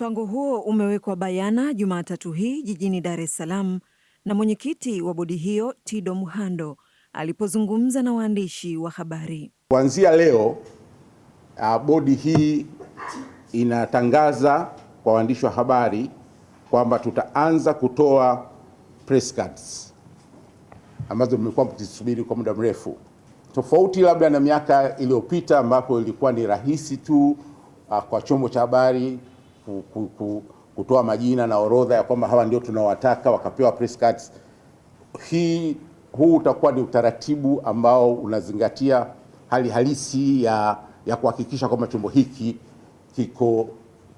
Mpango huo umewekwa bayana Jumatatu hii jijini Dar es Salaam na mwenyekiti wa bodi hiyo Tido Mhando alipozungumza na waandishi wa habari. Kuanzia leo ah, bodi hii inatangaza kwa waandishi wa habari kwamba tutaanza kutoa press cards ambazo mmekuwa mkizisubiri kwa muda mrefu, tofauti labda na miaka iliyopita ambapo ilikuwa ni rahisi tu ah, kwa chombo cha habari ku, ku, ku, kutoa majina na orodha ya kwamba hawa ndio tunawataka wakapewa press cards. Hii huu utakuwa ni utaratibu ambao unazingatia hali halisi ya, ya kuhakikisha kwamba chombo hiki kiko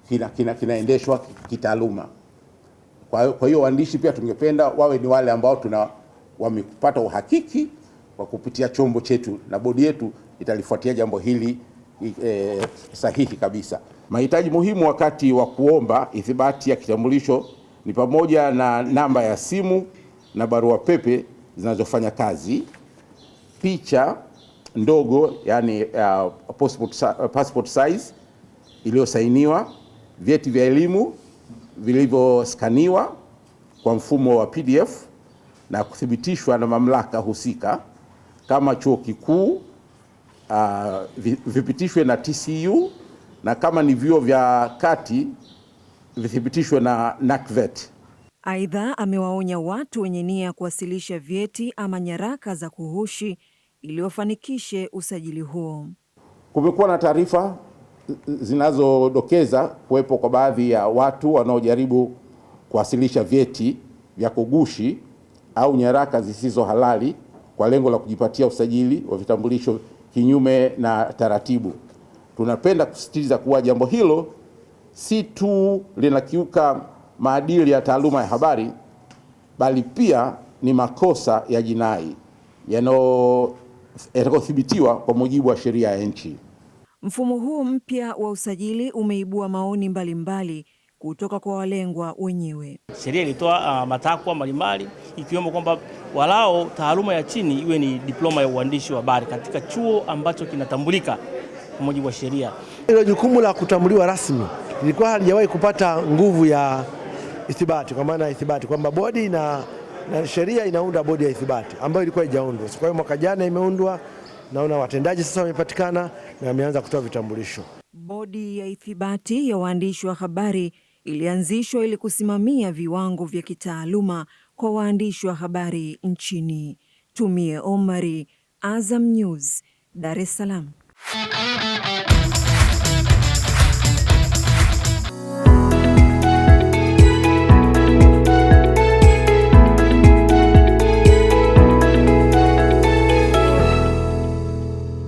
kina, kinaendeshwa kina kitaaluma. Kwa hiyo waandishi pia tungependa wawe ni wale ambao tuna wamepata uhakiki wa kupitia chombo chetu na bodi yetu italifuatia jambo hili eh, sahihi kabisa. Mahitaji muhimu wakati wa kuomba ithibati ya kitambulisho ni pamoja na namba ya simu na barua pepe zinazofanya kazi, picha ndogo yani, uh, passport, uh, passport size iliyosainiwa, vyeti vya elimu vilivyoskaniwa kwa mfumo wa PDF na kuthibitishwa na mamlaka husika kama chuo kikuu, uh, vipitishwe na TCU na kama ni vyuo vya kati vithibitishwe na NACVET. Aidha, amewaonya watu wenye nia ya kuwasilisha vyeti ama nyaraka za kuhushi ili wafanikishe usajili huo. Kumekuwa na taarifa zinazodokeza kuwepo kwa baadhi ya watu wanaojaribu kuwasilisha vyeti vya kugushi au nyaraka zisizo halali kwa lengo la kujipatia usajili wa vitambulisho kinyume na taratibu tunapenda kusisitiza kuwa jambo hilo si tu linakiuka maadili ya taaluma ya habari, bali pia ni makosa ya jinai yanayothibitiwa kwa mujibu wa sheria ya nchi. Mfumo huu mpya wa usajili umeibua maoni mbalimbali mbali kutoka kwa walengwa wenyewe. Sheria ilitoa uh, matakwa mbalimbali ikiwemo kwamba walao taaluma ya chini iwe ni diploma ya uandishi wa habari katika chuo ambacho kinatambulika kwa mujibu wa sheria. Hilo jukumu la kutambuliwa rasmi lilikuwa halijawahi kupata nguvu ya ithibati, kwa maana ya ithibati kwamba bodi na, na sheria inaunda bodi ya ithibati ambayo ilikuwa haijaundwa. Kwa hiyo mwaka jana imeundwa, naona watendaji sasa wamepatikana na wameanza kutoa vitambulisho. Bodi ya ithibati ya waandishi wa habari ilianzishwa ili kusimamia viwango vya kitaaluma kwa waandishi wa habari nchini. Tumie Omari, Azam News, Dar es Salaam. Thank you.